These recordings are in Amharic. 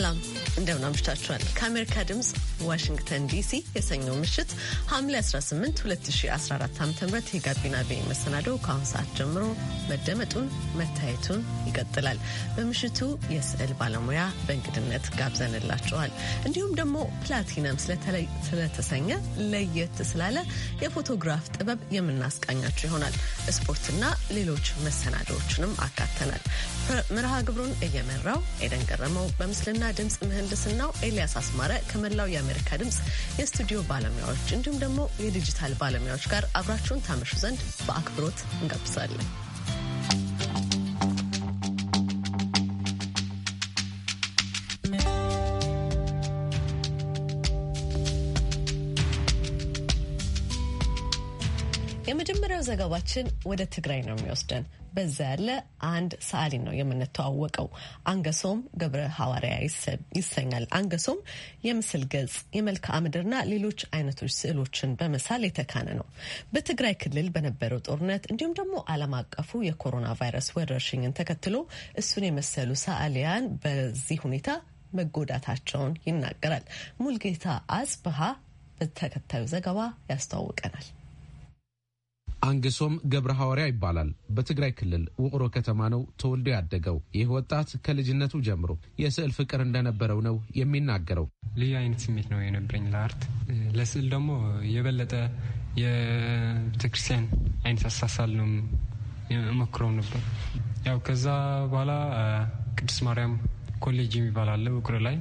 ሰላም እንደምን አምሽታችኋል። ከአሜሪካ ድምፅ ዋሽንግተን ዲሲ የሰኞ ምሽት ሐምሌ 18 2014 ዓ ም የጋቢና ቤ መሰናደው ከአሁን ሰዓት ጀምሮ መደመጡን መታየቱን ይቀጥላል። በምሽቱ የስዕል ባለሙያ በእንግድነት ጋብዘንላችኋል። እንዲሁም ደግሞ ፕላቲነም ስለተሰኘ ለየት ስላለ የፎቶግራፍ ጥበብ የምናስቃኛችሁ ይሆናል። ስፖርትና ሌሎች መሰናዶዎችንም አካተናል። መርሃ ግብሩን እየመራው ኤደን ገረመው፣ በምስልና ድምፅ ምህንድስናው ኤልያስ አስማረ ከመላው የአሜሪካ ድምፅ የስቱዲዮ ባለሙያዎች እንዲሁም ደግሞ የዲጂታል ባለሙያዎች ጋር አብራችሁን ታመሹ ዘንድ በአክብሮት እንጋብዛለን። ቀዳሚው ዘገባችን ወደ ትግራይ ነው የሚወስደን። በዛ ያለ አንድ ሰዓሊ ነው የምንተዋወቀው። አንገሶም ገብረ ሐዋርያ ይሰኛል። አንገሶም የምስል ገጽ፣ የመልክዓ ምድርና ሌሎች አይነቶች ስዕሎችን በመሳል የተካነ ነው። በትግራይ ክልል በነበረው ጦርነት እንዲሁም ደግሞ ዓለም አቀፉ የኮሮና ቫይረስ ወረርሽኝን ተከትሎ እሱን የመሰሉ ሰዓሊያን በዚህ ሁኔታ መጎዳታቸውን ይናገራል። ሙልጌታ አጽብሃ በተከታዩ ዘገባ ያስተዋውቀናል። አንግሶም ገብረ ሐዋርያ ይባላል። በትግራይ ክልል ውቅሮ ከተማ ነው ተወልዶ ያደገው። ይህ ወጣት ከልጅነቱ ጀምሮ የስዕል ፍቅር እንደነበረው ነው የሚናገረው። ልዩ አይነት ስሜት ነው የነበረኝ ለአርት። ለስዕል ደግሞ የበለጠ የቤተክርስቲያን አይነት አሳሳል ነው የመክረው ነበር። ያው ከዛ በኋላ ቅዱስ ማርያም ኮሌጅ የሚባል አለ ውቅሮ ላይ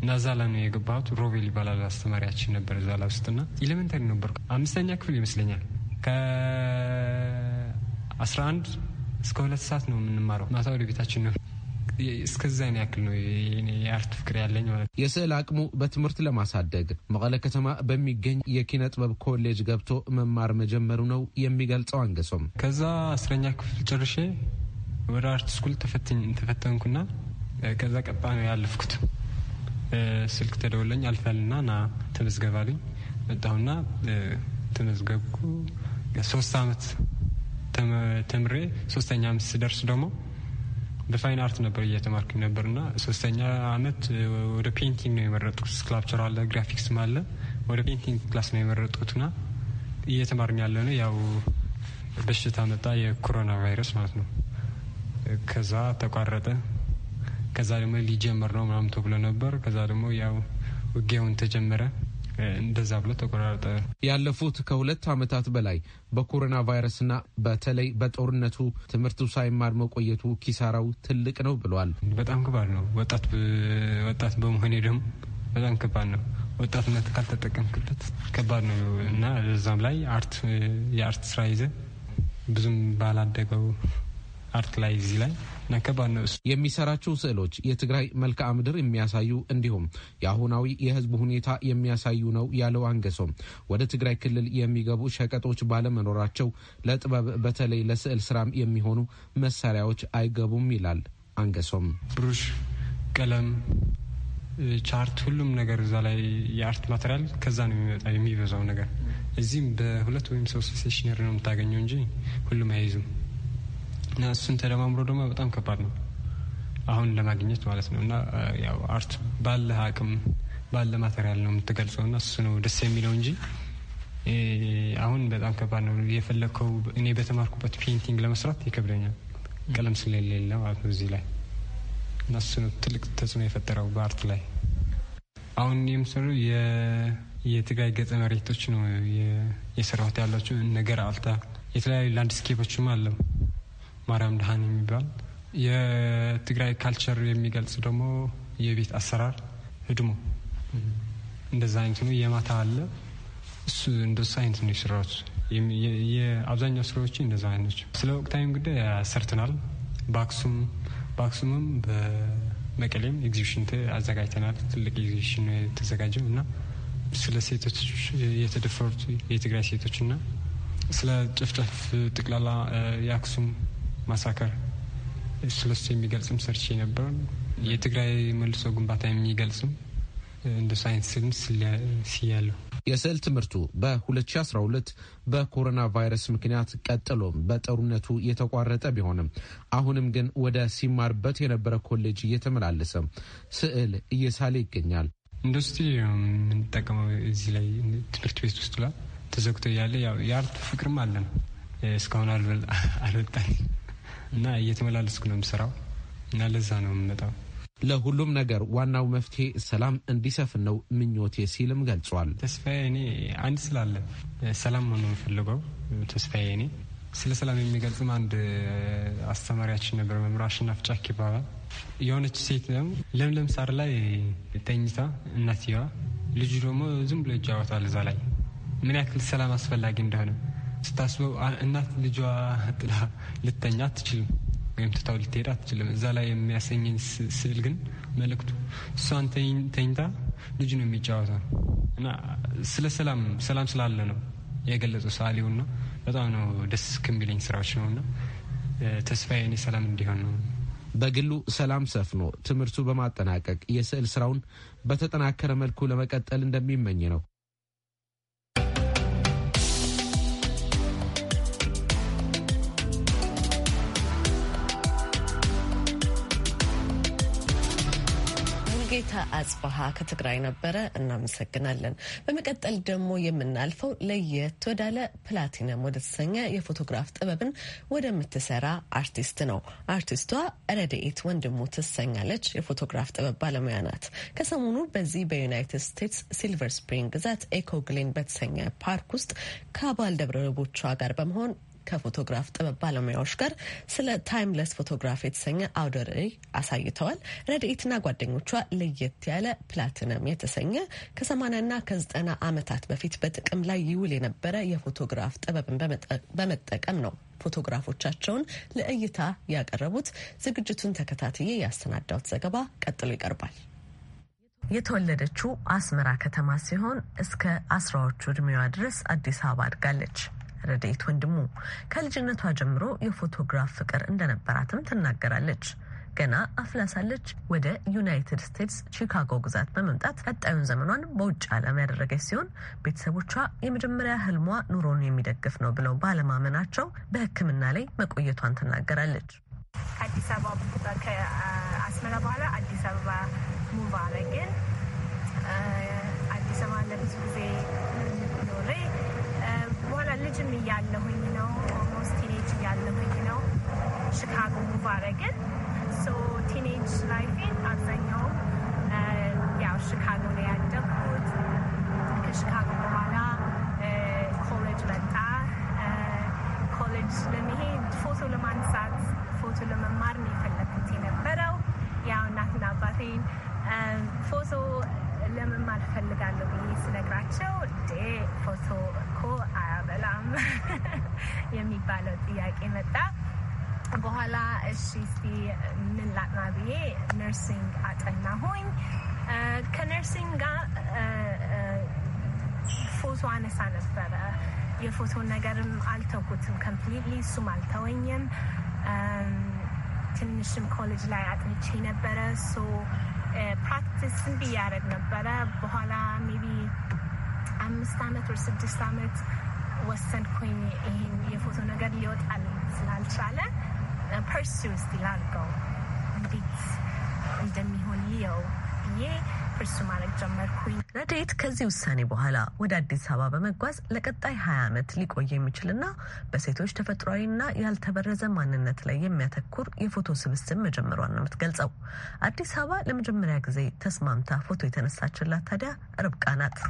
እና እዛ ላይ ነው የገባሁት። ሮቤል ይባላል አስተማሪያችን ነበር እዛ ላይ ውስጥና ኢሌመንታሪ ነበር አምስተኛ ክፍል ይመስለኛል ከአስራ 11 እስከ ሁለት ሰዓት ነው የምንማረው። ማታ ወደ ቤታችን ነው። እስከዛን ያክል ነው የአርት ፍቅር ያለኝ ማለት ነው። የስዕል አቅሙ በትምህርት ለማሳደግ መቀለ ከተማ በሚገኝ የኪነ ጥበብ ኮሌጅ ገብቶ መማር መጀመሩ ነው የሚገልጸው አንገሶም። ከዛ አስረኛ ክፍል ጨርሼ ወደ አርት ስኩል ተፈተንኩና ከዛ ቀጣ ነው ያለፍኩት። ስልክ ተደውለኝ አልፋልና ና ተመዝገባልኝ መጣሁና ተመዝገብኩ። ሶስት አመት ተምሬ ሶስተኛ አመት ስደርስ ደግሞ በፋይን አርት ነበር እየተማርኩ እና ሶስተኛ አመት ወደ ፔንቲንግ ነው የመረጥኩት። ስክላፕቸር አለ፣ ግራፊክስም አለ። ወደ ፔንቲንግ ክላስ ነው የመረጥኩትና እየተማርን ያለ ነው ያው በሽታ መጣ፣ የኮሮና ቫይረስ ማለት ነው። ከዛ ተቋረጠ። ከዛ ደግሞ ሊጀመር ነው ምናምን ተብሎ ነበር። ከዛ ደግሞ ያው ውጊያውን ተጀመረ። እንደዛ ብሎ ተቆራረጠ። ያለፉት ከሁለት ዓመታት በላይ በኮሮና ቫይረስና በተለይ በጦርነቱ ትምህርቱ ሳይማር መቆየቱ ኪሳራው ትልቅ ነው ብሏል። በጣም ከባድ ነው። ወጣት በመሆኔ ደግሞ በጣም ከባድ ነው። ወጣትነት ካልተጠቀምክበት ከባድ ነው እና እዛም ላይ አርት የአርት ስራ ይዘ ብዙም ባላደገው አርት ላይ እዚህ ላይ የሚሰራቸው ስዕሎች የትግራይ መልክዓ ምድር የሚያሳዩ እንዲሁም የአሁናዊ የህዝብ ሁኔታ የሚያሳዩ ነው ያለው አንገሶም፣ ወደ ትግራይ ክልል የሚገቡ ሸቀጦች ባለመኖራቸው ለጥበብ በተለይ ለስዕል ስራም የሚሆኑ መሳሪያዎች አይገቡም ይላል አንገሶም። ብሩሽ፣ ቀለም፣ ቻርት፣ ሁሉም ነገር እዛ ላይ የአርት ማቴሪያል ከዛ ነው የሚመጣ የሚበዛው ነገር። እዚህም በሁለት ወይም ሶስት ሴሽነር ነው የምታገኘው እንጂ ሁሉም አይይዙም። እና እሱን ተደማምሮ ደግሞ በጣም ከባድ ነው አሁን ለማግኘት ማለት ነው። እና ያው አርት ባለ አቅም ባለ ማቴሪያል ነው የምትገልጸው እና እሱ ነው ደስ የሚለው እንጂ አሁን በጣም ከባድ ነው። የፈለግከው እኔ በተማርኩበት ፔይንቲንግ ለመስራት ይከብደኛል፣ ቀለም ስለሌለ ማለት ነው እዚህ ላይ እና እሱ ነው ትልቅ ተጽዕኖ የፈጠረው በአርት ላይ። አሁን የምሰሩ የትግራይ ገጸ መሬቶች ነው የሰራሁት ያላቸው ነገር አልታ የተለያዩ ላንድስኬፖችም አለው ማርያም ድሃን የሚባል የትግራይ ካልቸር የሚገልጽ ደግሞ የቤት አሰራር ህድሞ እንደዛ አይነት ነው። የማታ አለ እሱ እንደሱ አይነት ነው የስራዎች የአብዛኛው ስራዎች እንደዛ አይነት ናቸው። ስለ ወቅታዊም ጉዳይ ሰርተናል። በአክሱም በአክሱምም በመቀሌም ኤግዚቢሽን አዘጋጅተናል። ትልቅ ኤግዚቢሽን ነው የተዘጋጀው እና ስለ ሴቶች የተደፈሩት የትግራይ ሴቶች እና ስለ ጭፍጨፍ ጥቅላላ የአክሱም ማሳከር ስለሱ የሚገልጽም ሰርች ነበር። የትግራይ መልሶ ግንባታ የሚገልጽም እንደ ሳይንስ ስም ስያለሁ። የስዕል ትምህርቱ በ2012 በኮሮና ቫይረስ ምክንያት ቀጥሎም በጦርነቱ የተቋረጠ ቢሆንም አሁንም ግን ወደ ሲማርበት የነበረ ኮሌጅ እየተመላለሰ ስዕል እየሳለ ይገኛል። እንደስቲ የምንጠቀመው እዚህ ላይ ትምህርት ቤት ውስጥ ላ ተዘግቶ ያለ የአርት ፍቅርም አለን እስካሁን አልበጣ እና እየተመላለስኩ ነው የምሰራው እና ለዛ ነው የምመጣው። ለሁሉም ነገር ዋናው መፍትሄ ሰላም እንዲሰፍን ነው ምኞቴ ሲልም ገልጿል። ተስፋዬ እኔ አንድ ስላለ ሰላም ሆኖ የምፈልገው ተስፋዬ እኔ ስለ ሰላም የሚገልጽም አንድ አስተማሪያችን ነበር፣ መምህር አሸናፍ ጫክ ይባላል። የሆነች ሴት ደግሞ ለምለም ሳር ላይ ተኝታ እናትየዋ ልጁ ደግሞ ዝም ብሎ ይጫወታል እዛ ላይ ምን ያክል ሰላም አስፈላጊ እንደሆነ ስታስበው እናት ልጇ ጥላ ልተኛ አትችልም ወይም ትታው ልትሄድ አትችልም። እዛ ላይ የሚያሰኝን ስዕል ግን መልእክቱ እሷን ተኝታ ልጁ ነው የሚጫወተው እና ስለ ሰላም ሰላም ስላለ ነው የገለጸው ሰዓሊውና በጣም ነው ደስ ከሚለኝ ስራዎች ነውና ተስፋዬ እኔ ሰላም እንዲሆን ነው። በግሉ ሰላም ሰፍኖ ትምህርቱ በማጠናቀቅ የስዕል ስራውን በተጠናከረ መልኩ ለመቀጠል እንደሚመኝ ነው ሙልጌታ አጽበሃ ከትግራይ ነበረ። እናመሰግናለን። በመቀጠል ደግሞ የምናልፈው ለየት ወዳለ ፕላቲነም ወደተሰኘ የፎቶግራፍ ጥበብን ወደምትሰራ አርቲስት ነው። አርቲስቷ ረድኤት ወንድሙ ትሰኛለች። የፎቶግራፍ ጥበብ ባለሙያ ናት። ከሰሞኑ በዚህ በዩናይትድ ስቴትስ ሲልቨር ስፕሪንግ ግዛት ኤኮግሌን በተሰኘ ፓርክ ውስጥ ከባልደረቦቿ ጋር በመሆን ከፎቶግራፍ ጥበብ ባለሙያዎች ጋር ስለ ታይምለስ ፎቶግራፍ የተሰኘ አውደ ርዕይ አሳይተዋል። ረድኤትና ጓደኞቿ ለየት ያለ ፕላቲነም የተሰኘ ከሰማንያና ከዘጠና ዓመታት በፊት በጥቅም ላይ ይውል የነበረ የፎቶግራፍ ጥበብን በመጠቀም ነው ፎቶግራፎቻቸውን ለእይታ ያቀረቡት። ዝግጅቱን ተከታትዬ ያሰናዳሁት ዘገባ ቀጥሎ ይቀርባል። የተወለደችው አስመራ ከተማ ሲሆን እስከ አስራዎቹ እድሜዋ ድረስ አዲስ አበባ አድጋለች። ረዳይት ወንድሙ ከልጅነቷ ጀምሮ የፎቶግራፍ ፍቅር እንደነበራትም ትናገራለች። ገና አፍላሳለች ወደ ዩናይትድ ስቴትስ ቺካጎ ግዛት በመምጣት ቀጣዩን ዘመኗን በውጭ ዓለም ያደረገች ሲሆን ቤተሰቦቿ የመጀመሪያ ህልሟ ኑሮን የሚደግፍ ነው ብለው ባለማመናቸው በሕክምና ላይ መቆየቷን ትናገራለች። ከአዲስ አበባ ከአስመራ በኋላ አዲስ አበባ ልጅም እያለሁኝ ነው ኦልሞስት ቲኔጅ እያለሁኝ ነው ሽካጎ ሙቭ አረግን። ሶ ቲኔጅ ላይፌን አብዛኛው uh, ያው ሽካጎ ነው ያደኩት ከሽካጎ በኋላ uh, ኮሌጅ መጣ። uh, ኮሌጅ ለመሄድ ፎቶ ለማንሳት ፎቶ ለመማር ነው የፈለግኩት የነበረው ያው እናትና አባቴን um, ፎቶ የሚባለው ጥያቄ መጣ። በኋላ እሺ እስቲ ምን ላጥና ብዬ ነርሲንግ አጠና ሆኝ ከነርሲንግ ጋር ፎቶ አነሳ ነበረ። የፎቶ ነገርም አልተውኩትም ኮምፕሊትሊ፣ እሱም አልተወኝም። ትንሽም ኮሌጅ ላይ አጥንቼ ነበረ። ሶ ፕራክቲስ ብዬ ያደረግ ነበረ። በኋላ ሜቢ አምስት አመት ወር ስድስት አመት ወሰንኩኝ። ይሄ የፎቶ ነገር ሊወጣል ስላልቻለ ፐርሱ ስቲ አድርገው እንዴት እንደሚሆን ይየው ብዬ ፐርሱ ማድረግ ጀመርኩኝ። ረዴት ከዚህ ውሳኔ በኋላ ወደ አዲስ አበባ በመጓዝ ለቀጣይ 20 ዓመት ሊቆይ የሚችልና በሴቶች ተፈጥሯዊና ያልተበረዘ ማንነት ላይ የሚያተኩር የፎቶ ስብስብ መጀመሯን ነው የምትገልጸው። አዲስ አበባ ለመጀመሪያ ጊዜ ተስማምታ ፎቶ የተነሳችላት ታዲያ ርብቃ ናት።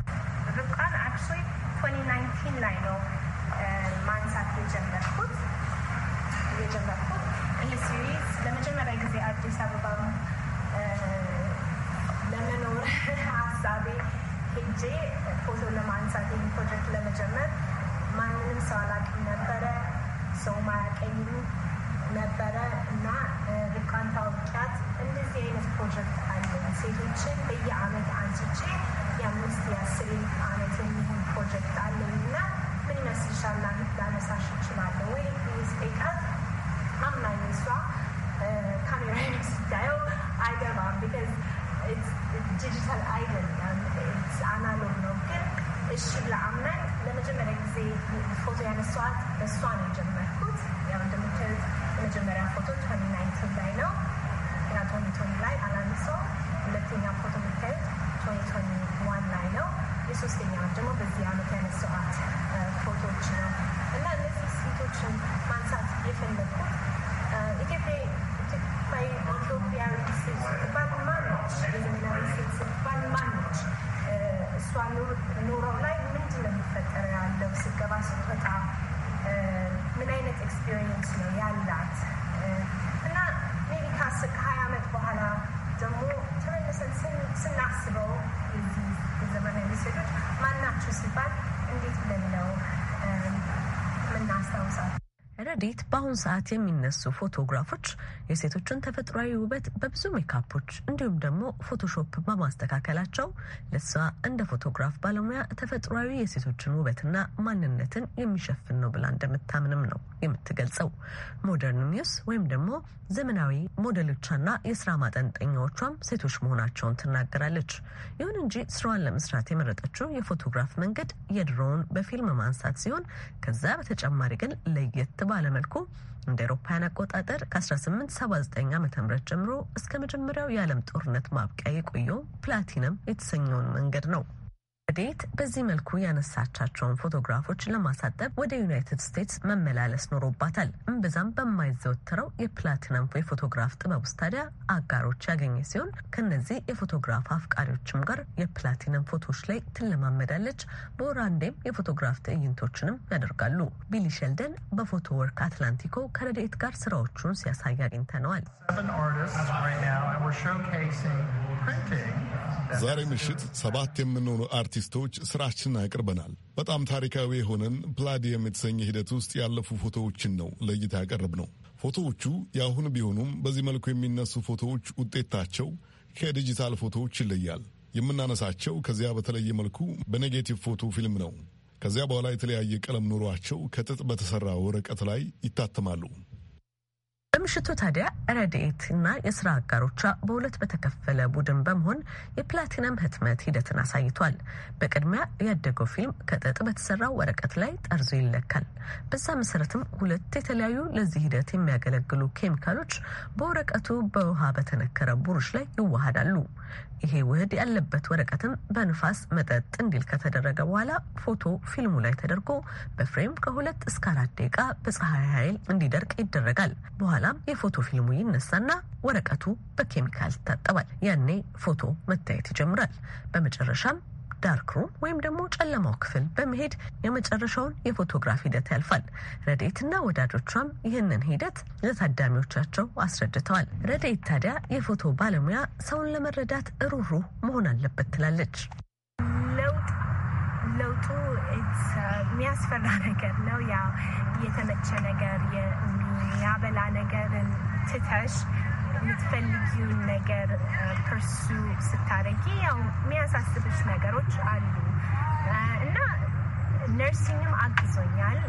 2019 ላይ ነው ማንሳት የጀመርኩት የጀመርኩት ይህ ሲሪዝ ለመጀመሪያ ጊዜ አዲስ አበባ ለመኖር ሀሳቤ ሄጄ ፎቶ ለማንሳት ይህ ፕሮጀክት ለመጀመር ማንንም ሰው አላውቅም ነበረ፣ ሰው ማያቀኝም ነበረ እና ርቃን ታውቂያት እንደዚህ አይነት ፕሮጀክት አለ ሴቶችን በየአመት አንስቼ የአምስት የአስር ዓመት የሚሆን ፕሮጀክት አለኝ እና ምን ይመስልሻል ላነሳሽ እችላለሁ ወይ ስጠይቃት አምናኝ እሷ ካሜራ ስታየው አይገባም ቢካዝ ዲጂታል አይደለም አናሎግ ነው ግን እሺ ብላ አምናኝ ለመጀመሪያ ጊዜ ፎቶ ያነሷት እሷ ነው የጀመርኩት ያው እንደምታ በአሁኑ ሰዓት የሚነሱ ፎቶግራፎች የሴቶችን ተፈጥሯዊ ውበት በብዙ ሜካፖች እንዲሁም ደግሞ ፎቶሾፕ በማስተካከላቸው ለሷ እንደ ፎቶግራፍ ባለሙያ ተፈጥሯዊ የሴቶችን ውበትና ማንነትን የሚሸፍን ነው ብላ እንደምታምንም ነው የምትገልጸው። ሞደርን ሚውስ ወይም ደግሞ ዘመናዊ ሞዴሎቿና የስራ ማጠንጠኛዎቿም ሴቶች መሆናቸውን ትናገራለች። ይሁን እንጂ ስራዋን ለመስራት የመረጠችው የፎቶግራፍ መንገድ የድሮውን በፊልም ማንሳት ሲሆን ከዛ በተጨማሪ ግን ለየት ባለመልኩ እንደ አውሮፓውያን አቆጣጠር ከ1879 ዓ ም ጀምሮ እስከ መጀመሪያው የዓለም ጦርነት ማብቂያ የቆየው ፕላቲነም የተሰኘውን መንገድ ነው። ረዴት በዚህ መልኩ ያነሳቻቸውን ፎቶግራፎች ለማሳጠብ ወደ ዩናይትድ ስቴትስ መመላለስ ኖሮባታል። እምብዛም በማይዘወትረው የፕላቲነም የፎቶግራፍ ጥበብ ውስጥ ታዲያ አጋሮች ያገኘ ሲሆን ከነዚህ የፎቶግራፍ አፍቃሪዎችም ጋር የፕላቲነም ፎቶዎች ላይ ትለማመዳለች። በወራንዴም የፎቶግራፍ ትዕይንቶችንም ያደርጋሉ። ቢሊ ሸልደን በፎቶ ወርክ አትላንቲኮ ከረዴት ጋር ስራዎቹን ሲያሳይ አግኝተነዋል። ዛሬ ምሽት ሰባት የምንሆኑ አርት አርቲስቶች ስራችንን አቅርበናል። በጣም ታሪካዊ የሆነን ፕላዲየም የተሰኘ ሂደት ውስጥ ያለፉ ፎቶዎችን ነው ለእይታ ያቀረብ ነው። ፎቶዎቹ የአሁን ቢሆኑም በዚህ መልኩ የሚነሱ ፎቶዎች ውጤታቸው ከዲጂታል ፎቶዎች ይለያል። የምናነሳቸው ከዚያ በተለየ መልኩ በኔጌቲቭ ፎቶ ፊልም ነው። ከዚያ በኋላ የተለያየ ቀለም ኑሯቸው ከጥጥ በተሰራ ወረቀት ላይ ይታተማሉ። በምሽቱ ታዲያ ረድኤት እና የስራ አጋሮቿ በሁለት በተከፈለ ቡድን በመሆን የፕላቲነም ህትመት ሂደትን አሳይቷል። በቅድሚያ ያደገው ፊልም ከጥጥ በተሰራው ወረቀት ላይ ጠርዞ ይለካል። በዛ መሰረትም ሁለት የተለያዩ ለዚህ ሂደት የሚያገለግሉ ኬሚካሎች በወረቀቱ በውሃ በተነከረ ቡሩሽ ላይ ይዋሃዳሉ። ይሄ ውህድ ያለበት ወረቀትም በንፋስ መጠጥ እንዲል ከተደረገ በኋላ ፎቶ ፊልሙ ላይ ተደርጎ በፍሬም ከሁለት እስከ አራት ደቂቃ በፀሐይ ኃይል እንዲደርቅ ይደረጋል። በኋላ በኋላም የፎቶ ፊልሙ ይነሳና ወረቀቱ በኬሚካል ይታጠባል። ያኔ ፎቶ መታየት ይጀምራል። በመጨረሻም ዳርክሩም ወይም ደግሞ ጨለማው ክፍል በመሄድ የመጨረሻውን የፎቶግራፍ ሂደት ያልፋል። ረዴትና ወዳጆቿም ይህንን ሂደት ለታዳሚዎቻቸው አስረድተዋል። ረዴት ታዲያ የፎቶ ባለሙያ ሰውን ለመረዳት ሩህሩህ መሆን አለበት ትላለች። በእውነቱ uh, የሚያስፈራ ነገር ነው። ያው የተመቸ ነገር የሚያበላ ነገርን ትተሽ የምትፈልጊውን ነገር ፐርሱ uh, ስታደርጊ ያው የሚያሳስብሽ ነገሮች አሉ uh, እና ነርሲንግም አግዞኛል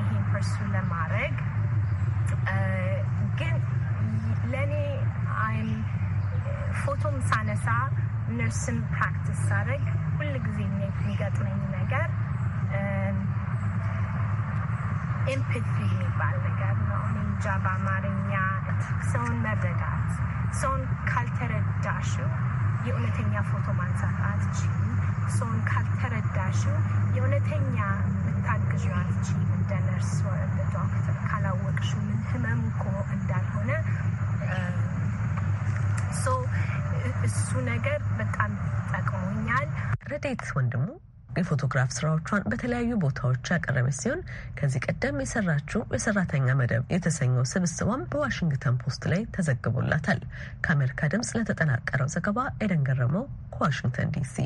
ይሄን ፐርሱ ለማድረግ ግን ለእኔ አይም ፎቶም ሳነሳ ነርስን ፕራክቲስ ሳደርግ ሁል ጊዜ የሚገጥመኝ ነገር ኤምፕቲ የሚባል ነገር ነው። እንጃ በአማርኛ ሰውን መረዳት። ሰውን ካልተረዳሽው የእውነተኛ ፎቶ ማንሳት አትችም። ሰውን ካልተረዳሽው የእውነተኛ ልታግዥ አትችም። እንደ ነርስ ወይ እንደ ዶክተር ካላወቅሽው ምን ህመም እኮ እንዳልሆነ እሱ ነገር በጣም ጠቅሞኛል። ረዴት ወንድሙ የፎቶግራፍ ስራዎቿን በተለያዩ ቦታዎች ያቀረበች ሲሆን ከዚህ ቀደም የሰራችው የሰራተኛ መደብ የተሰኘው ስብስቧም በዋሽንግተን ፖስት ላይ ተዘግቦላታል። ከአሜሪካ ድምጽ ለተጠናቀረው ዘገባ ኤደን ገረመው ከዋሽንግተን ዲሲ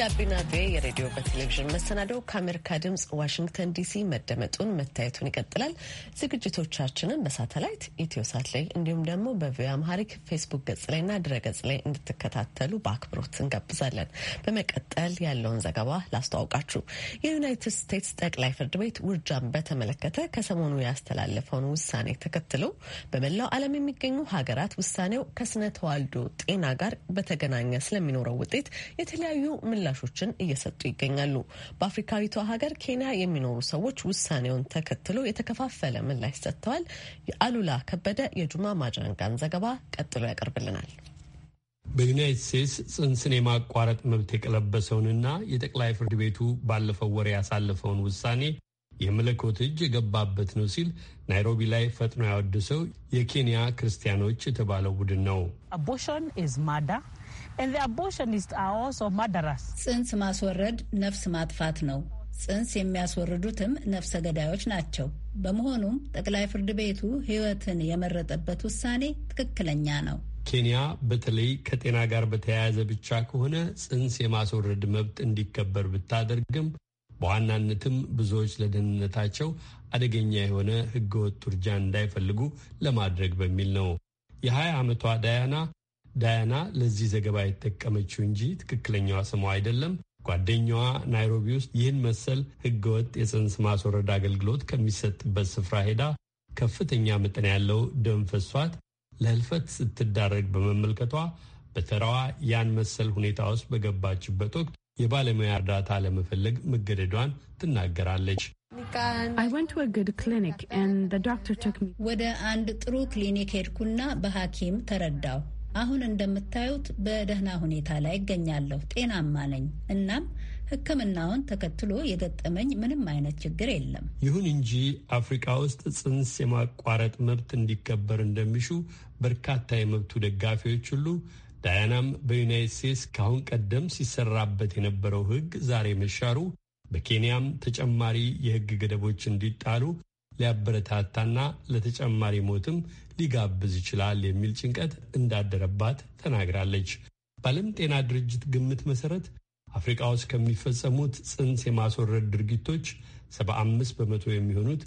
የጋቢና ቤ የሬዲዮ በቴሌቪዥን መሰናዶው ከአሜሪካ ድምፅ ዋሽንግተን ዲሲ መደመጡን መታየቱን ይቀጥላል። ዝግጅቶቻችንን በሳተላይት ኢትዮሳት ላይ እንዲሁም ደግሞ በቪ አምሃሪክ ፌስቡክ ገጽ ላይና ድረ ገጽ ላይ እንድትከታተሉ በአክብሮት እንጋብዛለን። በመቀጠል ያለውን ዘገባ ላስተዋውቃችሁ። የዩናይትድ ስቴትስ ጠቅላይ ፍርድ ቤት ውርጃን በተመለከተ ከሰሞኑ ያስተላለፈውን ውሳኔ ተከትሎ በመላው ዓለም የሚገኙ ሀገራት ውሳኔው ከስነ ተዋልዶ ጤና ጋር በተገናኘ ስለሚኖረው ውጤት የተለያዩ ምላ ምላሾችን እየሰጡ ይገኛሉ። በአፍሪካዊቷ ሀገር ኬንያ የሚኖሩ ሰዎች ውሳኔውን ተከትሎ የተከፋፈለ ምላሽ ሰጥተዋል። አሉላ ከበደ የጁማ ማጅረንጋን ዘገባ ቀጥሎ ያቀርብልናል። በዩናይትድ ስቴትስ ጽንስን የማቋረጥ መብት የቀለበሰውንና የጠቅላይ ፍርድ ቤቱ ባለፈው ወር ያሳለፈውን ውሳኔ የመለኮት እጅ የገባበት ነው ሲል ናይሮቢ ላይ ፈጥኖ ያወደሰው የኬንያ ክርስቲያኖች የተባለው ቡድን ነው። ጽንስ ማስወረድ ነፍስ ማጥፋት ነው። ጽንስ የሚያስወርዱትም ነፍሰ ገዳዮች ናቸው። በመሆኑም ጠቅላይ ፍርድ ቤቱ ሕይወትን የመረጠበት ውሳኔ ትክክለኛ ነው። ኬንያ በተለይ ከጤና ጋር በተያያዘ ብቻ ከሆነ ጽንስ የማስወረድ መብት እንዲከበር ብታደርግም በዋናነትም ብዙዎች ለደህንነታቸው አደገኛ የሆነ ሕገወጥ ውርጃ እንዳይፈልጉ ለማድረግ በሚል ነው። የ20 ዓመቷ ዳያና ዳያና ለዚህ ዘገባ የተጠቀመችው እንጂ ትክክለኛዋ ስሟ አይደለም። ጓደኛዋ ናይሮቢ ውስጥ ይህን መሰል ህገወጥ የጽንስ ማስወረድ አገልግሎት ከሚሰጥበት ስፍራ ሄዳ ከፍተኛ መጠን ያለው ደም ፈሷት ለህልፈት ስትዳረግ በመመልከቷ በተራዋ ያን መሰል ሁኔታ ውስጥ በገባችበት ወቅት የባለሙያ እርዳታ ለመፈለግ መገደዷን ትናገራለች። ወደ አንድ ጥሩ ክሊኒክ ሄድኩና በሐኪም ተረዳው። አሁን እንደምታዩት በደህና ሁኔታ ላይ እገኛለሁ። ጤናማ ነኝ። እናም ሕክምናውን ተከትሎ የገጠመኝ ምንም አይነት ችግር የለም። ይሁን እንጂ አፍሪካ ውስጥ ጽንስ የማቋረጥ መብት እንዲከበር እንደሚሹ በርካታ የመብቱ ደጋፊዎች ሁሉ ዳያናም በዩናይት ስቴትስ ከአሁን ቀደም ሲሰራበት የነበረው ሕግ ዛሬ መሻሩ በኬንያም ተጨማሪ የሕግ ገደቦች እንዲጣሉ ሊያበረታታና ለተጨማሪ ሞትም ሊጋብዝ ይችላል የሚል ጭንቀት እንዳደረባት ተናግራለች። በዓለም ጤና ድርጅት ግምት መሰረት አፍሪቃ ውስጥ ከሚፈጸሙት ጽንስ የማስወረድ ድርጊቶች 75 በመቶ የሚሆኑት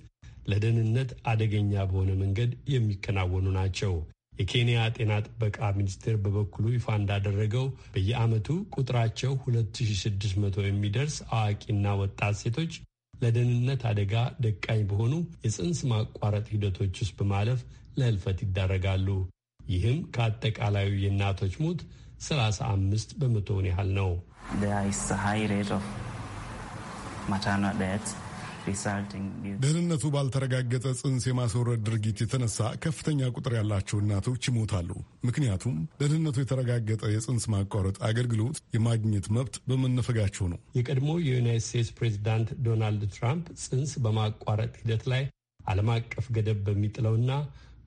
ለደህንነት አደገኛ በሆነ መንገድ የሚከናወኑ ናቸው። የኬንያ ጤና ጥበቃ ሚኒስቴር በበኩሉ ይፋ እንዳደረገው በየዓመቱ ቁጥራቸው 2600 የሚደርስ አዋቂና ወጣት ሴቶች ለደህንነት አደጋ ደቃኝ በሆኑ የጽንስ ማቋረጥ ሂደቶች ውስጥ በማለፍ ለህልፈት ይዳረጋሉ። ይህም ከአጠቃላዩ የእናቶች ሞት 35 በመቶውን ያህል ነው። ደህንነቱ ባልተረጋገጠ ጽንስ የማስወረድ ድርጊት የተነሳ ከፍተኛ ቁጥር ያላቸው እናቶች ይሞታሉ። ምክንያቱም ደህንነቱ የተረጋገጠ የጽንስ ማቋረጥ አገልግሎት የማግኘት መብት በመነፈጋቸው ነው። የቀድሞ የዩናይት ስቴትስ ፕሬዚዳንት ዶናልድ ትራምፕ ጽንስ በማቋረጥ ሂደት ላይ ዓለም አቀፍ ገደብ በሚጥለውና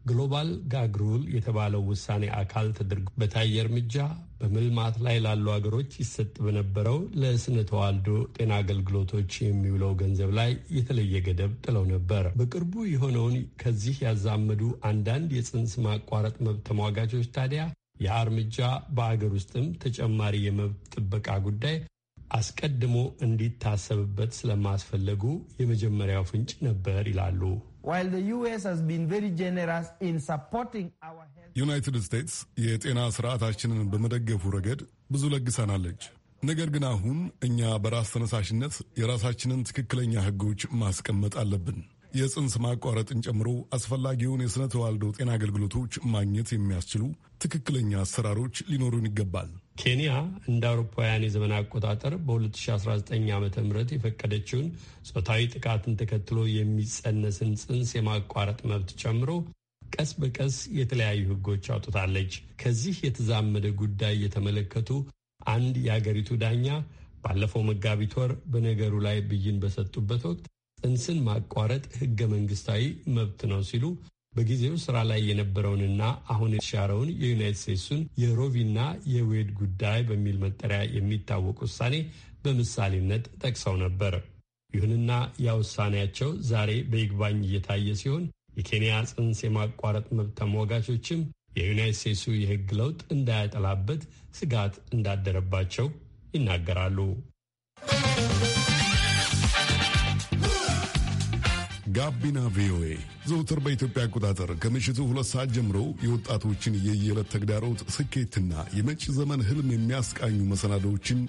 ግሎባል ጋግ ሩል የተባለው ውሳኔ አካል ተደርጎ በታየ እርምጃ በምልማት ላይ ላሉ ሀገሮች ይሰጥ በነበረው ለስነ ተዋልዶ ጤና አገልግሎቶች የሚውለው ገንዘብ ላይ የተለየ ገደብ ጥለው ነበር። በቅርቡ የሆነውን ከዚህ ያዛመዱ አንዳንድ የጽንስ ማቋረጥ መብት ተሟጋቾች ታዲያ ያ እርምጃ በአገር ውስጥም ተጨማሪ የመብት ጥበቃ ጉዳይ አስቀድሞ እንዲታሰብበት ስለማስፈለጉ የመጀመሪያው ፍንጭ ነበር ይላሉ። ዩናይትድ ስቴትስ የጤና ስርዓታችንን በመደገፉ ረገድ ብዙ ለግሳናለች። ነገር ግን አሁን እኛ በራስ ተነሳሽነት የራሳችንን ትክክለኛ ህጎች ማስቀመጥ አለብን። የጽንስ ማቋረጥን ጨምሮ አስፈላጊውን የሥነ ተዋልዶ ጤና አገልግሎቶች ማግኘት የሚያስችሉ ትክክለኛ አሰራሮች ሊኖሩን ይገባል። ኬንያ እንደ አውሮፓውያን የዘመን አቆጣጠር በ2019 ዓ ም የፈቀደችውን ጾታዊ ጥቃትን ተከትሎ የሚጸነስን ጽንስ የማቋረጥ መብት ጨምሮ ቀስ በቀስ የተለያዩ ህጎች አውጥታለች። ከዚህ የተዛመደ ጉዳይ የተመለከቱ አንድ የአገሪቱ ዳኛ ባለፈው መጋቢት ወር በነገሩ ላይ ብይን በሰጡበት ወቅት ጽንስን ማቋረጥ ህገ መንግስታዊ መብት ነው ሲሉ በጊዜው ስራ ላይ የነበረውንና አሁን የተሻረውን የዩናይት ስቴትሱን የሮቪና የዌድ ጉዳይ በሚል መጠሪያ የሚታወቅ ውሳኔ በምሳሌነት ጠቅሰው ነበር። ይሁንና ያ ውሳኔያቸው ዛሬ በይግባኝ እየታየ ሲሆን የኬንያ ጽንስ የማቋረጥ መብት ተሟጋቾችም የዩናይት ስቴትሱ የሕግ ለውጥ እንዳያጠላበት ስጋት እንዳደረባቸው ይናገራሉ። ጋቢና ቪኦኤ ዘውትር በኢትዮጵያ አቆጣጠር ከምሽቱ ሁለት ሰዓት ጀምሮ የወጣቶችን የየዕለት ተግዳሮት ስኬትና የመጪ ዘመን ህልም የሚያስቃኙ መሰናዶዎችን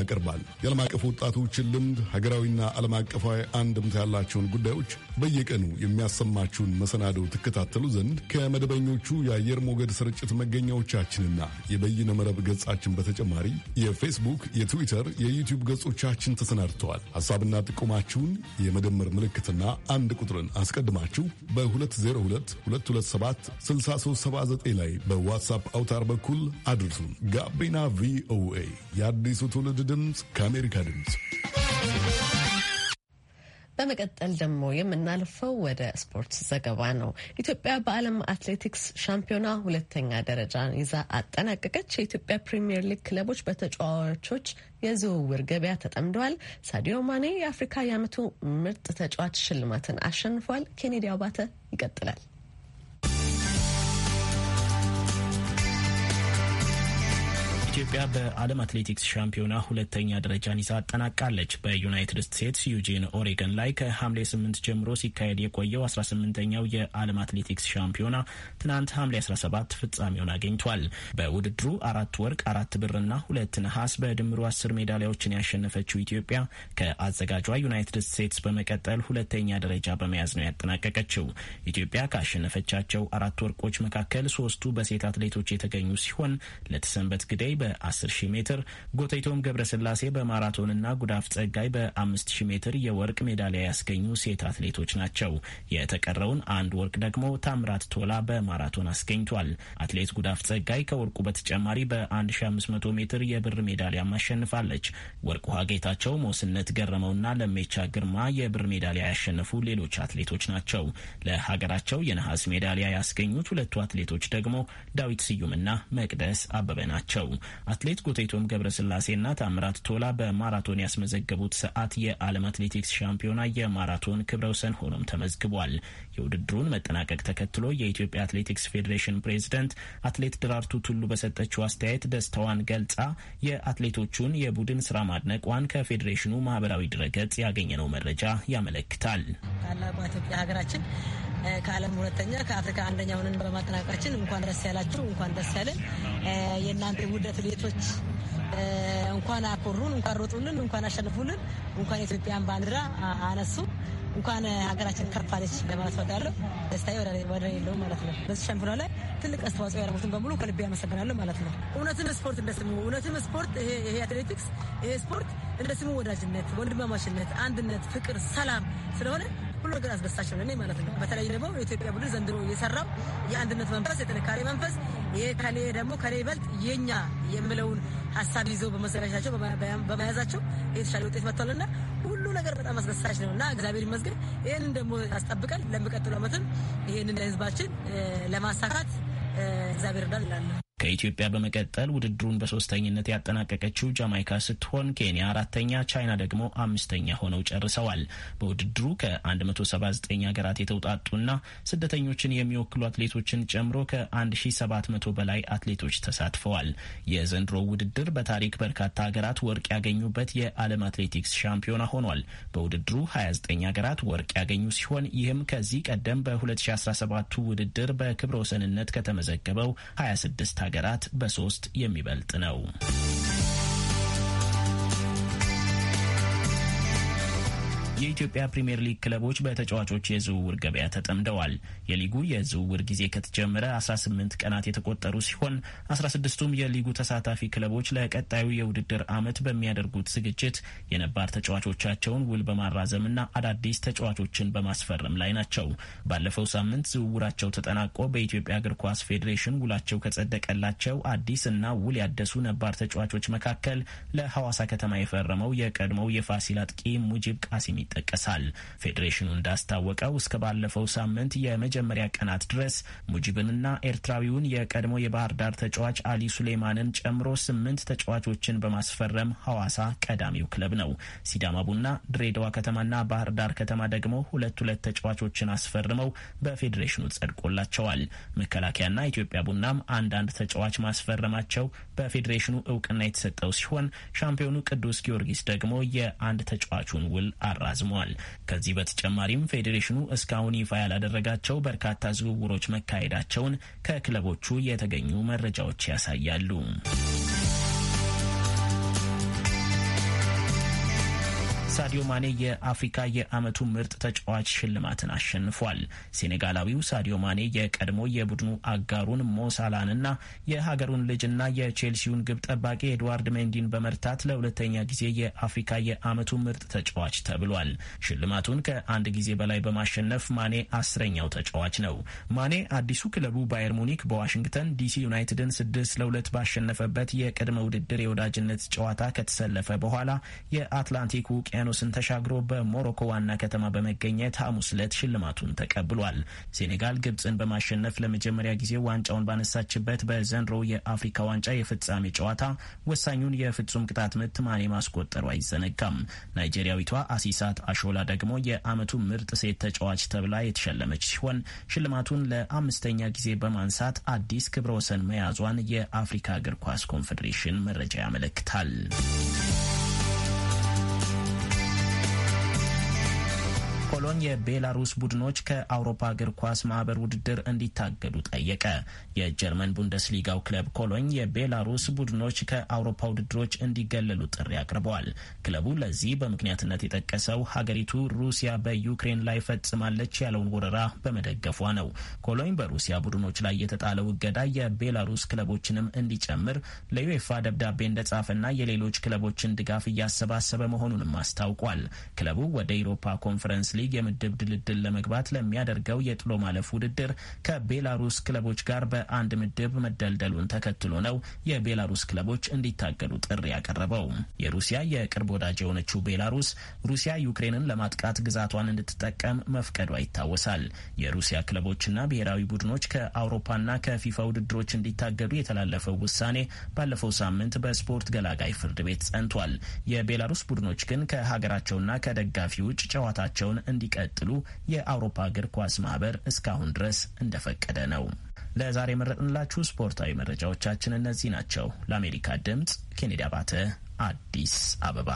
ያቀርባል። የዓለም አቀፍ ወጣቶችን ልምድ፣ ሀገራዊና ዓለም አቀፋዊ አንድምት ያላቸውን ጉዳዮች በየቀኑ የሚያሰማችሁን መሰናዶ ትከታተሉ ዘንድ ከመደበኞቹ የአየር ሞገድ ስርጭት መገኛዎቻችንና የበይነ መረብ ገጻችን በተጨማሪ የፌስቡክ፣ የትዊተር፣ የዩቲዩብ ገጾቻችን ተሰናድተዋል። ሐሳብና ጥቆማችሁን የመደመር ምልክትና አንድ ቁጥርን አስቀድማችሁ በ202227 6379 ላይ በዋትሳፕ አውታር በኩል አድርሱን። ጋቢና ቪኦኤ የአዲሱ ትውልድ ድምፅ ከአሜሪካ ድምፅ። በመቀጠል ደግሞ የምናልፈው ወደ ስፖርት ዘገባ ነው። ኢትዮጵያ በዓለም አትሌቲክስ ሻምፒዮና ሁለተኛ ደረጃን ይዛ አጠናቀቀች። የኢትዮጵያ ፕሪምየር ሊግ ክለቦች በተጫዋቾች የዝውውር ገበያ ተጠምደዋል። ሳዲዮ ማኔ የአፍሪካ የዓመቱ ምርጥ ተጫዋች ሽልማትን አሸንፏል። ኬኔዲ አባተ ይቀጥላል። ኢትዮጵያ በዓለም አትሌቲክስ ሻምፒዮና ሁለተኛ ደረጃን ይዛ አጠናቃለች። በዩናይትድ ስቴትስ ዩጂን ኦሬገን ላይ ከሐምሌ 8 ጀምሮ ሲካሄድ የቆየው 18ኛው የዓለም አትሌቲክስ ሻምፒዮና ትናንት ሐምሌ 17 ፍጻሜውን አግኝቷል። በውድድሩ አራት ወርቅ፣ አራት ብርና ሁለት ነሐስ በድምሩ አስር ሜዳሊያዎችን ያሸነፈችው ኢትዮጵያ ከአዘጋጇ ዩናይትድ ስቴትስ በመቀጠል ሁለተኛ ደረጃ በመያዝ ነው ያጠናቀቀችው። ኢትዮጵያ ካሸነፈቻቸው አራት ወርቆች መካከል ሶስቱ በሴት አትሌቶች የተገኙ ሲሆን ለተሰንበት ግደይ በ10 ሜትር፣ ጎተይቶም ገብረስላሴ በማራቶንና ጉዳፍ ጸጋይ በ5000 ሜትር የወርቅ ሜዳሊያ ያስገኙ ሴት አትሌቶች ናቸው። የተቀረውን አንድ ወርቅ ደግሞ ታምራት ቶላ በማራቶን አስገኝቷል። አትሌት ጉዳፍ ጸጋይ ከወርቁ በተጨማሪ በ1500 ሜትር የብር ሜዳሊያ አሸንፋለች። ወርቅ ውሃ ጌታቸው፣ ሞስነት ገረመውና ለሜቻ ግርማ የብር ሜዳሊያ ያሸነፉ ሌሎች አትሌቶች ናቸው። ለሀገራቸው የነሐስ ሜዳሊያ ያስገኙት ሁለቱ አትሌቶች ደግሞ ዳዊት ስዩምና መቅደስ አበበ ናቸው። አትሌት ጉቴቶም ገብረስላሴና ታምራት ቶላ በማራቶን ያስመዘገቡት ሰዓት የዓለም አትሌቲክስ ሻምፒዮና የማራቶን ክብረ ወሰን ሆኖም ተመዝግቧል። የውድድሩን መጠናቀቅ ተከትሎ የኢትዮጵያ አትሌቲክስ ፌዴሬሽን ፕሬዝደንት አትሌት ድራርቱ ቱሉ በሰጠችው አስተያየት ደስታዋን ገልጻ የአትሌቶቹን የቡድን ስራ ማድነቋን ከፌዴሬሽኑ ማህበራዊ ድረገጽ ያገኘነው መረጃ ያመለክታል። ታላቋ ኢትዮጵያ ሀገራችን ከዓለም ሁለተኛ ከአፍሪካ አንደኛ ሆነን በማጠናቀቃችን እንኳን ደስ ያላችሁ፣ እንኳን ደስ ያለን የእናንተ ውደት ቤቶች እንኳን አኮሩን፣ እንኳን ሮጡልን፣ እንኳን አሸንፉልን፣ እንኳን የኢትዮጵያን ባንዲራ አነሱ፣ እንኳን ሀገራችን ከፍ አለች ለማለት እወዳለሁ። ደስታዬ ወደር የለውም ማለት ነው። በዚህ ሻምፒዮና ላይ ትልቅ አስተዋጽኦ ያደረጉትን በሙሉ ከልቤ ያመሰግናለሁ ማለት ነው። እውነትም ስፖርት እንደ ስሙ እውነትም ስፖርት ይሄ አትሌቲክስ ይሄ ስፖርት እንደ ስሙ ወዳጅነት፣ ወንድማማችነት፣ አንድነት፣ ፍቅር፣ ሰላም ስለሆነ ሁሉ ነገር አስደሳች ነው ማለት ነው። በተለይ ደግሞ የኢትዮጵያ ቡድን ዘንድሮ የሰራው የአንድነት መንፈስ፣ የጥንካሬ መንፈስ ይሄ ከኔ ደግሞ ከኔ ይበልጥ የኛ የምለውን ሀሳብ ይዘው በመዘጋጀታቸው በመያዛቸው የተሻለ ውጤት መጥቷልና ሁሉ ነገር በጣም አስደሳች ነው እና እግዚአብሔር ይመስገን። ይህንን ደግሞ ያስጠብቀን ለሚቀጥሉ ዓመትም ይህንን ለህዝባችን ለማሳካት እግዚአብሔር ዳል እላለሁ። ከኢትዮጵያ በመቀጠል ውድድሩን በሶስተኝነት ያጠናቀቀችው ጃማይካ ስትሆን ኬንያ አራተኛ፣ ቻይና ደግሞ አምስተኛ ሆነው ጨርሰዋል። በውድድሩ ከ179 ሀገራት የተውጣጡና ስደተኞችን የሚወክሉ አትሌቶችን ጨምሮ ከ1700 በላይ አትሌቶች ተሳትፈዋል። የዘንድሮ ውድድር በታሪክ በርካታ ሀገራት ወርቅ ያገኙበት የዓለም አትሌቲክስ ሻምፒዮና ሆኗል። በውድድሩ 29 ሀገራት ወርቅ ያገኙ ሲሆን ይህም ከዚህ ቀደም በ2017 ውድድር በክብረ ወሰንነት ከተመዘገበው 26 ሀገራት በሶስት የሚበልጥ ነው። የኢትዮጵያ ፕሪምየር ሊግ ክለቦች በተጫዋቾች የዝውውር ገበያ ተጠምደዋል። የሊጉ የዝውውር ጊዜ ከተጀመረ 18 ቀናት የተቆጠሩ ሲሆን 16ቱም የሊጉ ተሳታፊ ክለቦች ለቀጣዩ የውድድር ዓመት በሚያደርጉት ዝግጅት የነባር ተጫዋቾቻቸውን ውል በማራዘምና አዳዲስ ተጫዋቾችን በማስፈረም ላይ ናቸው። ባለፈው ሳምንት ዝውውራቸው ተጠናቆ በኢትዮጵያ እግር ኳስ ፌዴሬሽን ውላቸው ከጸደቀላቸው አዲስ እና ውል ያደሱ ነባር ተጫዋቾች መካከል ለሐዋሳ ከተማ የፈረመው የቀድሞው የፋሲል አጥቂ ሙጂብ ቃሲሚ ይጠቀሳል። ፌዴሬሽኑ እንዳስታወቀው እስከ ባለፈው ሳምንት የመጀመሪያ ቀናት ድረስ ሙጂብንና ኤርትራዊውን የቀድሞ የባህር ዳር ተጫዋች አሊ ሱሌማንን ጨምሮ ስምንት ተጫዋቾችን በማስፈረም ሐዋሳ ቀዳሚው ክለብ ነው። ሲዳማ ቡና፣ ድሬዳዋ ከተማና ባህር ዳር ከተማ ደግሞ ሁለት ሁለት ተጫዋቾችን አስፈርመው በፌዴሬሽኑ ጸድቆላቸዋል። መከላከያና ኢትዮጵያ ቡናም አንዳንድ ተጫዋች ማስፈረማቸው በፌዴሬሽኑ እውቅና የተሰጠው ሲሆን ሻምፒዮኑ ቅዱስ ጊዮርጊስ ደግሞ የአንድ ተጫዋቹን ውል አራ አዝሟል። ከዚህ በተጨማሪም ፌዴሬሽኑ እስካሁን ይፋ ያላደረጋቸው በርካታ ዝውውሮች መካሄዳቸውን ከክለቦቹ የተገኙ መረጃዎች ያሳያሉ። ሳዲዮ ማኔ የአፍሪካ የዓመቱ ምርጥ ተጫዋች ሽልማትን አሸንፏል። ሴኔጋላዊው ሳዲዮ ማኔ የቀድሞ የቡድኑ አጋሩን ሞሳላንና የሀገሩን ልጅና የቼልሲውን ግብ ጠባቂ ኤድዋርድ ሜንዲን በመርታት ለሁለተኛ ጊዜ የአፍሪካ የአመቱ ምርጥ ተጫዋች ተብሏል። ሽልማቱን ከአንድ ጊዜ በላይ በማሸነፍ ማኔ አስረኛው ተጫዋች ነው። ማኔ አዲሱ ክለቡ ባየር ሙኒክ በዋሽንግተን ዲሲ ዩናይትድን ስድስት ለሁለት ባሸነፈበት የቅድመ ውድድር የወዳጅነት ጨዋታ ከተሰለፈ በኋላ የአትላንቲክ ውቅያ ውቅያኖስን ተሻግሮ በሞሮኮ ዋና ከተማ በመገኘት ሐሙስ ዕለት ሽልማቱን ተቀብሏል። ሴኔጋል ግብፅን በማሸነፍ ለመጀመሪያ ጊዜ ዋንጫውን ባነሳችበት በዘንሮ የአፍሪካ ዋንጫ የፍጻሜ ጨዋታ ወሳኙን የፍጹም ቅጣት ምት ማኔ ማስቆጠሩ አይዘነጋም። ናይጄሪያዊቷ አሲሳት አሾላ ደግሞ የዓመቱ ምርጥ ሴት ተጫዋች ተብላ የተሸለመች ሲሆን ሽልማቱን ለአምስተኛ ጊዜ በማንሳት አዲስ ክብረ ወሰን መያዟን የአፍሪካ እግር ኳስ ኮንፌዴሬሽን መረጃ ያመለክታል። ፖሎን የቤላሩስ ቡድኖች ከአውሮፓ እግር ኳስ ማህበር ውድድር እንዲታገዱ ጠየቀ። የጀርመን ቡንደስሊጋው ክለብ ኮሎኝ የቤላሩስ ቡድኖች ከአውሮፓ ውድድሮች እንዲገለሉ ጥሪ አቅርበዋል። ክለቡ ለዚህ በምክንያትነት የጠቀሰው ሀገሪቱ ሩሲያ በዩክሬን ላይ ፈጽማለች ያለውን ወረራ በመደገፏ ነው። ኮሎኝ በሩሲያ ቡድኖች ላይ የተጣለው እገዳ የቤላሩስ ክለቦችንም እንዲጨምር ለዩኤፋ ደብዳቤ እንደጻፈና የሌሎች ክለቦችን ድጋፍ እያሰባሰበ መሆኑንም አስታውቋል። ክለቡ ወደ ኢሮፓ ኮንፈረንስ ሊግ የምድብ ድልድል ለመግባት ለሚያደርገው የጥሎ ማለፍ ውድድር ከቤላሩስ ክለቦች ጋር በአንድ ምድብ መደልደሉን ተከትሎ ነው የቤላሩስ ክለቦች እንዲታገሉ ጥሪ ያቀረበው። የሩሲያ የቅርብ ወዳጅ የሆነችው ቤላሩስ ሩሲያ ዩክሬንን ለማጥቃት ግዛቷን እንድትጠቀም መፍቀዷ ይታወሳል። የሩሲያ ክለቦችና ብሔራዊ ቡድኖች ከአውሮፓና ከፊፋ ውድድሮች እንዲታገዱ የተላለፈው ውሳኔ ባለፈው ሳምንት በስፖርት ገላጋይ ፍርድ ቤት ጸንቷል። የቤላሩስ ቡድኖች ግን ከሀገራቸውና ከደጋፊ ውጭ ጨዋታቸውን እንዲቀጥሉ የአውሮፓ እግር ኳስ ማህበር እስካሁን ድረስ እንደፈቀደ ነው። ለዛሬ የመረጥንላችሁ ስፖርታዊ መረጃዎቻችን እነዚህ ናቸው። ለአሜሪካ ድምፅ ኬኔዲ አባተ አዲስ አበባ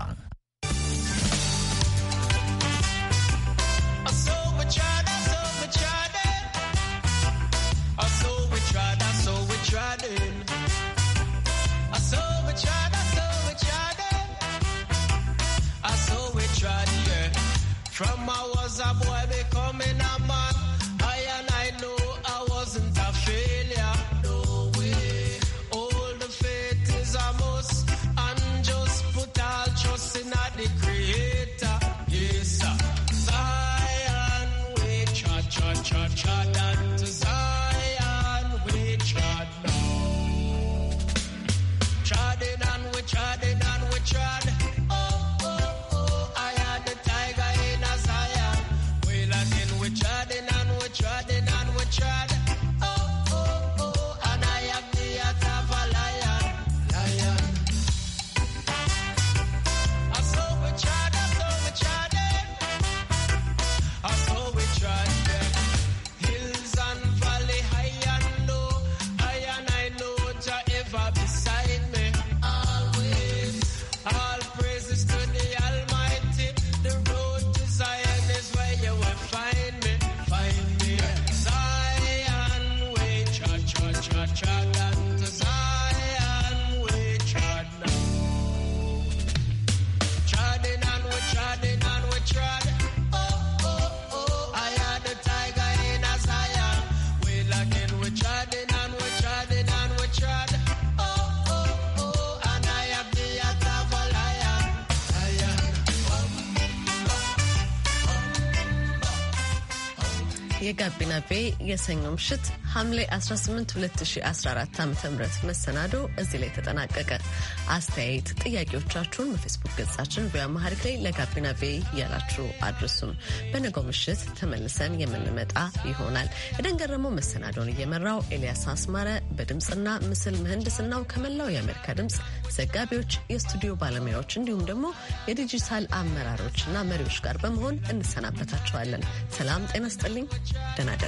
የጋቢና ቤ የሰኞ ምሽት ሐምሌ 18 2014 ዓ ም መሰናዶ እዚህ ላይ ተጠናቀቀ። አስተያየት፣ ጥያቄዎቻችሁን በፌስቡክ ገጻችን በአማሃሪክ ላይ ለጋቢና ቤ እያላችሁ አድርሱን። በነገው ምሽት ተመልሰን የምንመጣ ይሆናል። የደንገረመው መሰናዶን እየመራው፣ ኤልያስ አስማረ በድምፅና ምስል ምህንድስናው ከመላው የአሜሪካ ድምፅ ዘጋቢዎች፣ የስቱዲዮ ባለሙያዎች እንዲሁም ደግሞ የዲጂታል አመራሮችና መሪዎች ጋር በመሆን እንሰናበታቸዋለን። ሰላም ጤና ስጥልኝ። ደህና